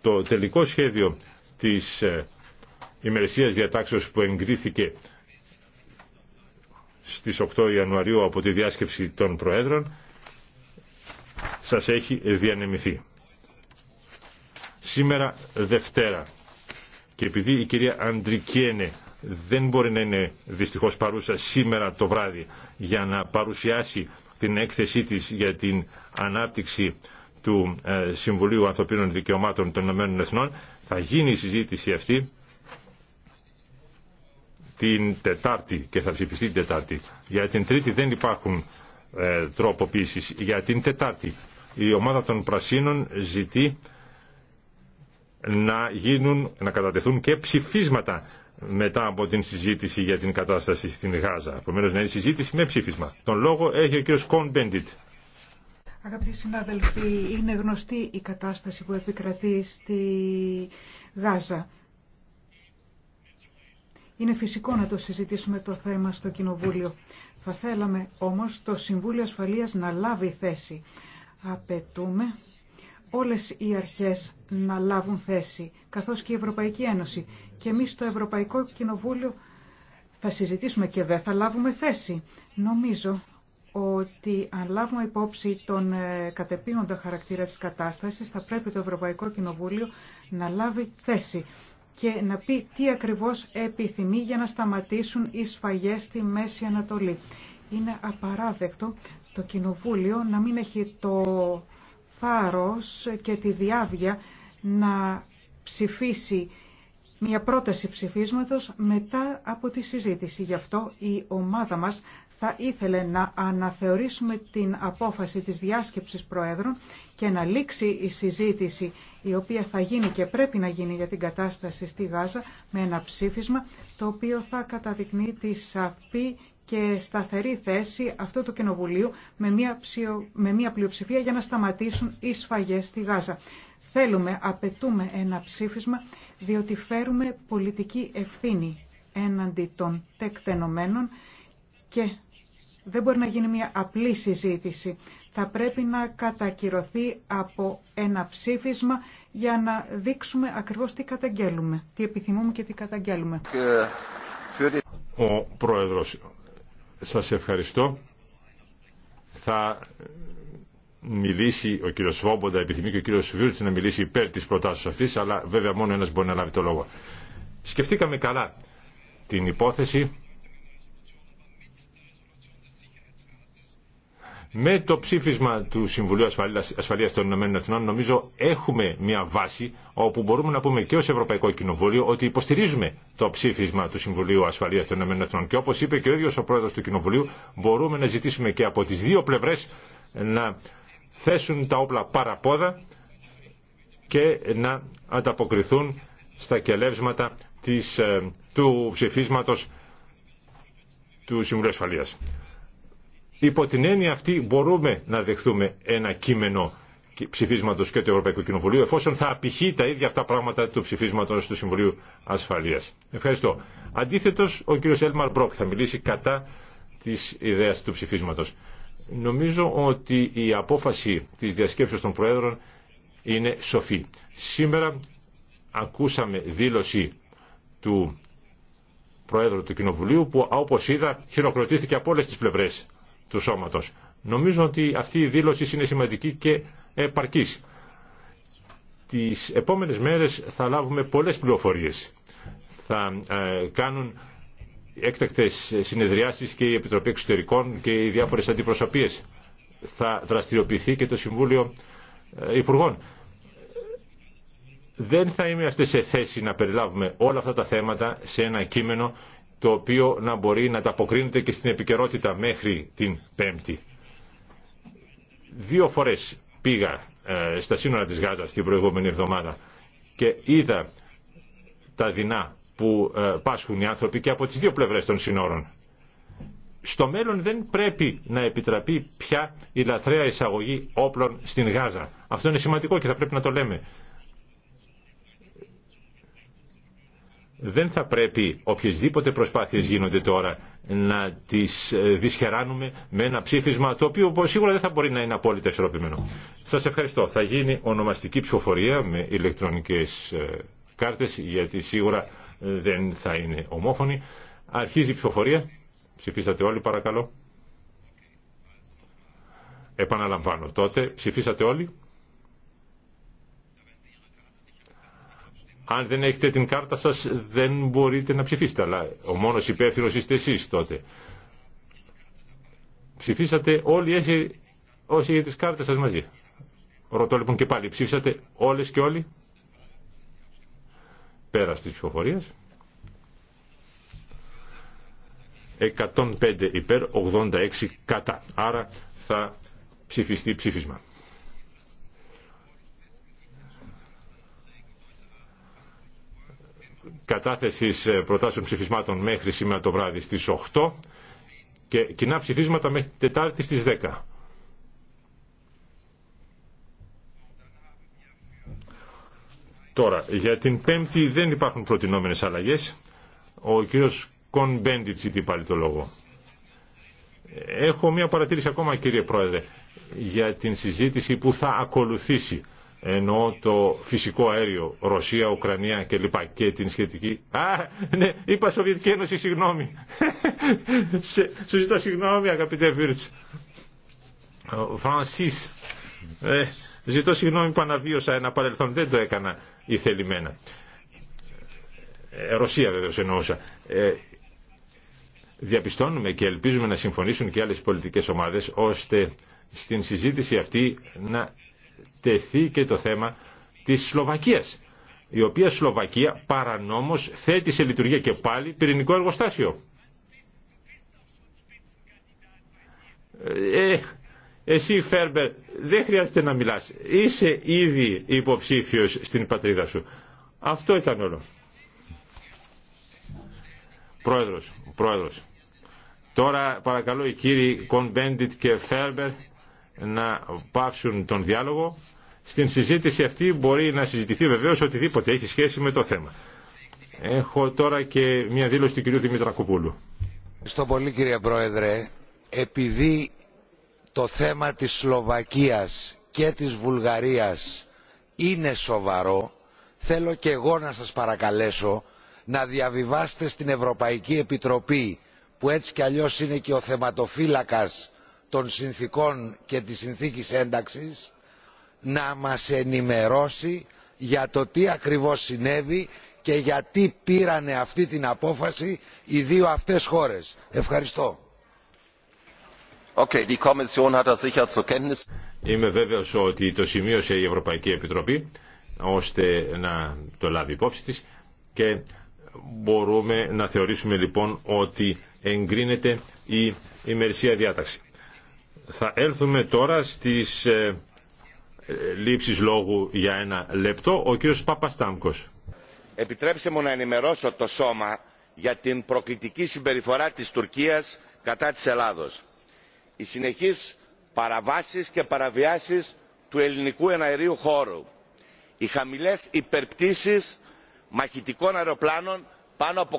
το τελικό σχέδιο της ε, ημερησίας διατάξεως που εγκρίθηκε στις 8 Ιανουαρίου από τη διάσκεψη των Προέδρων σας έχει διανεμηθεί. Σήμερα Δευτέρα και επειδή η κυρία Αντρικένε δεν μπορεί να είναι δυστυχώς παρούσα σήμερα το βράδυ για να παρουσιάσει την έκθεσή της για την ανάπτυξη του ε, Συμβουλίου Ανθρωπίνων Δικαιωμάτων των Ηνωμένων Εθνών θα γίνει η συζήτηση αυτή την Τετάρτη και θα ψηφιστεί την Τετάρτη. Για την Τρίτη δεν υπάρχουν ε, τροποποίησεις. Για την Τετάρτη η ομάδα των Πρασίνων ζητεί να, γίνουν, να κατατεθούν και ψηφίσματα μετά από την συζήτηση για την κατάσταση στην Γάζα. Επομένω να είναι συζήτηση με ψήφισμα. Τον λόγο έχει ο κ. Κον Μπέντιτ. Αγαπητοί συνάδελφοι, είναι γνωστή η κατάσταση που επικρατεί στη Γάζα. Είναι φυσικό να το συζητήσουμε το θέμα στο Κοινοβούλιο. Θα θέλαμε όμως το Συμβούλιο Ασφαλείας να λάβει θέση. Απαιτούμε όλες οι αρχές να λάβουν θέση, καθώς και η Ευρωπαϊκή Ένωση. Και εμείς στο Ευρωπαϊκό Κοινοβούλιο θα συζητήσουμε και δεν θα λάβουμε θέση. Νομίζω ότι αν λάβουμε υπόψη τον ε, κατεπίνοντα χαρακτήρα της κατάστασης θα πρέπει το Ευρωπαϊκό Κοινοβούλιο να λάβει θέση και να πει τι ακριβώς επιθυμεί για να σταματήσουν οι σφαγές στη Μέση Ανατολή. Είναι απαράδεκτο το Κοινοβούλιο να μην έχει το θάρρος και τη διάβια να ψηφίσει μια πρόταση ψηφίσματος μετά από τη συζήτηση. Γι' αυτό η ομάδα μας θα ήθελε να αναθεωρήσουμε την απόφαση της διάσκεψης Προέδρων και να λήξει η συζήτηση η οποία θα γίνει και πρέπει να γίνει για την κατάσταση στη Γάζα με ένα ψήφισμα το οποίο θα καταδεικνύει τη σαφή και σταθερή θέση αυτού του Κοινοβουλίου με μια, μια πλειοψηφία για να σταματήσουν οι σφαγές στη Γάζα. Θέλουμε, απαιτούμε ένα ψήφισμα, διότι φέρουμε πολιτική ευθύνη έναντι των τεκτενομένων και δεν μπορεί να γίνει μια απλή συζήτηση. Θα πρέπει να κατακυρωθεί από ένα ψήφισμα για να δείξουμε ακριβώς τι καταγγέλουμε, τι επιθυμούμε και τι καταγγέλουμε. Ο Πρόεδρος, σας ευχαριστώ. Θα μιλήσει, ο κύριος Σβόμποντα επιθυμεί και ο κύριος Βίρτς να μιλήσει υπέρ της προτάσεως αυτής, αλλά βέβαια μόνο ένας μπορεί να λάβει το λόγο. Σκεφτήκαμε καλά την υπόθεση Με το ψήφισμα του Συμβουλίου Ασφαλείας των Ηνωμένων Εθνών νομίζω έχουμε μια βάση όπου μπορούμε να πούμε και ως Ευρωπαϊκό Κοινοβούλιο ότι υποστηρίζουμε το ψήφισμα του Συμβουλίου Ασφαλείας των Ηνωμένων Εθνών και όπως είπε και ο ίδιο ο Πρόεδρος του Κοινοβουλίου μπορούμε να ζητήσουμε και από τις δύο πλευρές να θέσουν τα όπλα παραπόδα και να ανταποκριθούν στα κελεύσματα της, ε, του ψηφίσματος του Συμβουλίου Ασφαλείας. Υπό την έννοια αυτή μπορούμε να δεχθούμε ένα κείμενο ψηφίσματος και του Ευρωπαϊκού Κοινοβουλίου εφόσον θα απηχεί τα ίδια αυτά πράγματα του ψηφίσματος του Συμβουλίου Ασφαλείας. Ευχαριστώ. Αντίθετος, ο κύριος Έλμαρ Μπρόκ θα μιλήσει κατά της ιδέας του ψηφίσματος. Νομίζω ότι η απόφαση της διασκέψεως των Προέδρων είναι σοφή. Σήμερα ακούσαμε δήλωση του Προέδρου του Κοινοβουλίου που όπως είδα χειροκροτήθηκε από όλες τις πλευρές του σώματος. Νομίζω ότι αυτή η δήλωση είναι σημαντική και επαρκής. Τις επόμενες μέρες θα λάβουμε πολλές πληροφορίες. Θα ε, κάνουν έκτακτες συνεδριάσεις και η Επιτροπή Εξωτερικών και οι διάφορες αντιπροσωπείες. Θα δραστηριοποιηθεί και το Συμβούλιο ε, Υπουργών. Δεν θα είμαστε σε θέση να περιλάβουμε όλα αυτά τα θέματα σε ένα κείμενο το οποίο να μπορεί να τα αποκρίνεται και στην επικαιρότητα μέχρι την Πέμπτη. Δύο φορές πήγα ε, στα σύνορα της Γάζας την προηγούμενη εβδομάδα και είδα τα δεινά που ε, πάσχουν οι άνθρωποι και από τις δύο πλευρές των συνόρων. Στο μέλλον δεν πρέπει να επιτραπεί πια η λαθρέα εισαγωγή όπλων στην Γάζα. Αυτό είναι σημαντικό και θα πρέπει να το λέμε. Δεν θα πρέπει οποιασδήποτε προσπάθειες γίνονται τώρα να τις ε, δυσχεράνουμε με ένα ψήφισμα το οποίο σίγουρα δεν θα μπορεί να είναι απόλυτα ισορροπημένο. Σας ευχαριστώ. Θα γίνει ονομαστική ψηφοφορία με ηλεκτρονικές ε, κάρτες γιατί σίγουρα δεν θα είναι ομόφωνη. Αρχίζει η ψηφοφορία. Ψηφίσατε όλοι παρακαλώ. Επαναλαμβάνω τότε. Ψηφίσατε όλοι. Αν δεν έχετε την κάρτα σας δεν μπορείτε να ψηφίσετε. Αλλά ο μόνος υπεύθυνο είστε εσείς τότε. Ψηφίσατε όλοι όσοι, έχετε τις κάρτες σας μαζί. Ρωτώ λοιπόν και πάλι. Ψήφισατε όλες και όλοι. Πέρα της ψηφοφορία. 105 υπέρ, 86 κατά. Άρα θα ψηφιστεί ψήφισμα. Κατάθεσης ε, προτάσεων ψηφισμάτων μέχρι σήμερα το βράδυ στις 8 και κοινά ψηφίσματα μέχρι Τετάρτη στις 10. Τώρα, για την Πέμπτη δεν υπάρχουν προτινόμενες αλλαγές. Ο κύριος Κον Μπέντιτ ζητεί πάλι το λόγο. Έχω μια παρατήρηση ακόμα κύριε Πρόεδρε για την συζήτηση που θα ακολουθήσει ενώ το φυσικό αέριο Ρωσία, Ουκρανία κλπ. και την σχετική... Α, ναι, είπα Σοβιετική Ένωση, συγγνώμη. Σου ζητώ συγγνώμη αγαπητέ Βίρτς. Φρανσίς. Ε, Ζητώ συγγνώμη που αναβίωσα ένα παρελθόν, δεν το έκανα ηθελημένα. Ε, Ρωσία βεβαίως εννοούσα. Ε, διαπιστώνουμε και ελπίζουμε να συμφωνήσουν και άλλες πολιτικές ομάδες ώστε στην συζήτηση αυτή να τεθεί και το θέμα της Σλοβακίας η οποία Σλοβακία παρανόμως θέτει σε λειτουργία και πάλι πυρηνικό εργοστάσιο. Ε, ε, εσύ Φέρμπερ δεν χρειάζεται να μιλάς. Είσαι ήδη υποψήφιος στην πατρίδα σου. Αυτό ήταν όλο. Πρόεδρος, πρόεδρος. Τώρα παρακαλώ οι κύριοι Κονμπέντιτ και Φέρμπερ να πάψουν τον διάλογο. Στην συζήτηση αυτή μπορεί να συζητηθεί βεβαίως οτιδήποτε έχει σχέση με το θέμα. Έχω τώρα και μια δήλωση του κυρίου Δημητρακοπούλου. Στο πολύ κύριε Πρόεδρε. Επειδή το θέμα της σλοβακίας και της βουλγαρίας είναι σοβαρό θέλω και εγώ να σας παρακαλέσω να διαβιβάσετε στην ευρωπαϊκή επιτροπή που έτσι κι αλλιώς είναι και ο θεματοφύλακας των συνθήκων και της συνθήκης ένταξης να μας ενημερώσει για το τι ακριβώς συνέβη και γιατί πήρανε αυτή την απόφαση οι δύο αυτές χώρες. Ευχαριστώ. Είμαι βέβαιο ότι το σημείωσε η Ευρωπαϊκή Επιτροπή ώστε να το λάβει υπόψη της και μπορούμε να θεωρήσουμε λοιπόν ότι εγκρίνεται η ημερησία διάταξη. Θα έλθουμε τώρα στις ε, λήψεις λόγου για ένα λεπτό. Ο κύριος Παπαστάμκος. Επιτρέψτε μου να ενημερώσω το Σώμα για την προκλητική συμπεριφορά της Τουρκίας κατά της Ελλάδος οι συνεχείς παραβάσεις και παραβιάσεις του ελληνικού εναερίου χώρου οι χαμηλές υπερπτήσεις μαχητικών αεροπλάνων πάνω από